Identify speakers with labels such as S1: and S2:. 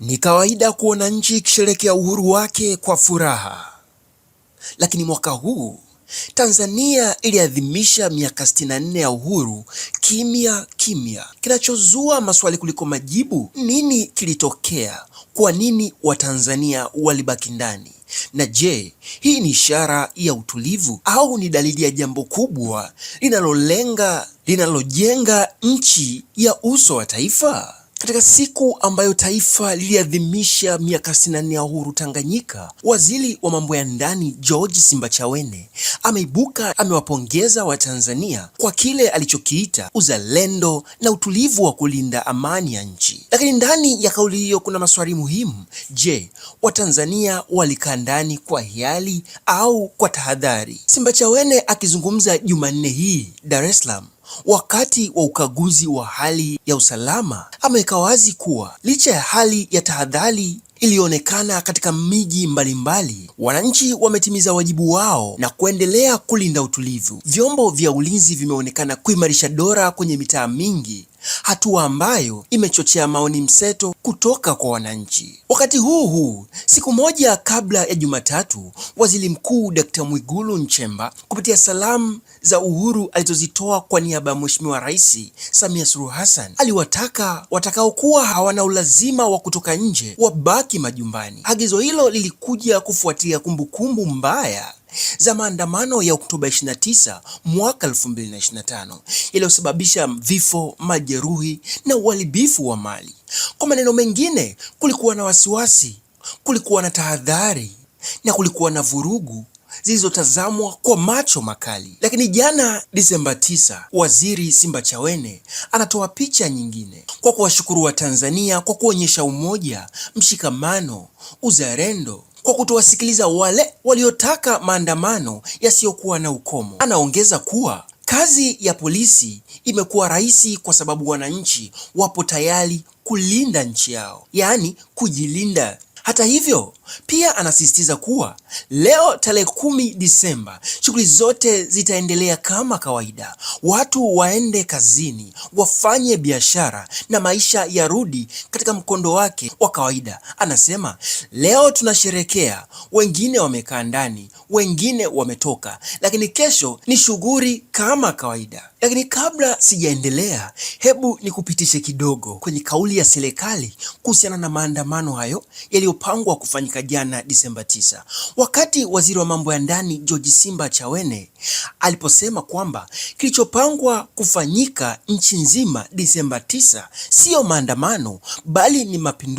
S1: Ni kawaida kuona nchi ikisherekea uhuru wake kwa furaha, lakini mwaka huu Tanzania iliadhimisha miaka 64 ya uhuru kimya kimya. Kinachozua maswali kuliko majibu: nini kilitokea? Kwa nini Watanzania walibaki ndani? Na je, hii ni ishara ya utulivu au ni dalili ya jambo kubwa linalolenga linalojenga nchi ya uso wa taifa? Katika siku ambayo taifa liliadhimisha miaka 64 ya uhuru Tanganyika, waziri wa mambo ya ndani George Simbachawene ameibuka, amewapongeza Watanzania kwa kile alichokiita uzalendo na utulivu wa kulinda amani ya nchi. Lakini ndani ya kauli hiyo kuna maswali muhimu. Je, Watanzania walikaa ndani kwa hiari au kwa tahadhari? Simbachawene akizungumza Jumanne hii Dar es Salaam wakati wa ukaguzi wa hali ya usalama ameweka wazi kuwa licha ya hali ya tahadhari iliyoonekana katika miji mbalimbali, wananchi wametimiza wajibu wao na kuendelea kulinda utulivu. Vyombo vya ulinzi vimeonekana kuimarisha dola kwenye mitaa mingi hatua ambayo imechochea maoni mseto kutoka kwa wananchi. Wakati huu huu, siku moja kabla ya Jumatatu, waziri mkuu Dkt. Mwigulu Nchemba kupitia salamu za uhuru alizozitoa kwa niaba ya Mheshimiwa Rais Samia Suluhu Hassan aliwataka watakaokuwa hawana ulazima wa kutoka nje wabaki majumbani. Agizo hilo lilikuja kufuatia kumbukumbu mbaya za maandamano ya Oktoba 29 mwaka 2025 yaliyosababisha vifo, majeruhi na uharibifu wa mali. Kwa maneno mengine, kulikuwa na wasiwasi, kulikuwa na tahadhari na kulikuwa na vurugu zilizotazamwa kwa macho makali. Lakini jana Disemba 9, Waziri Simbachawene anatoa picha nyingine kwa kuwashukuru Watanzania kwa kuonyesha umoja, mshikamano, uzalendo kwa kutowasikiliza wale waliotaka maandamano yasiyokuwa na ukomo. Anaongeza kuwa kazi ya polisi imekuwa rahisi kwa sababu wananchi wapo tayari kulinda nchi yao, yaani kujilinda. Hata hivyo, pia anasisitiza kuwa Leo tarehe kumi Disemba, shughuli zote zitaendelea kama kawaida. Watu waende kazini, wafanye biashara na maisha yarudi katika mkondo wake wa kawaida. Anasema leo tunasherekea, wengine wamekaa ndani, wengine wametoka, lakini kesho ni shughuli kama kawaida. Lakini kabla sijaendelea, hebu nikupitishe kidogo kwenye kauli ya serikali kuhusiana na maandamano hayo yaliyopangwa kufanyika jana Disemba 9. Wakati waziri wa mambo ya ndani George Simba Chawene aliposema kwamba kilichopangwa kufanyika nchi nzima Disemba 9 siyo maandamano bali ni mapinduzi.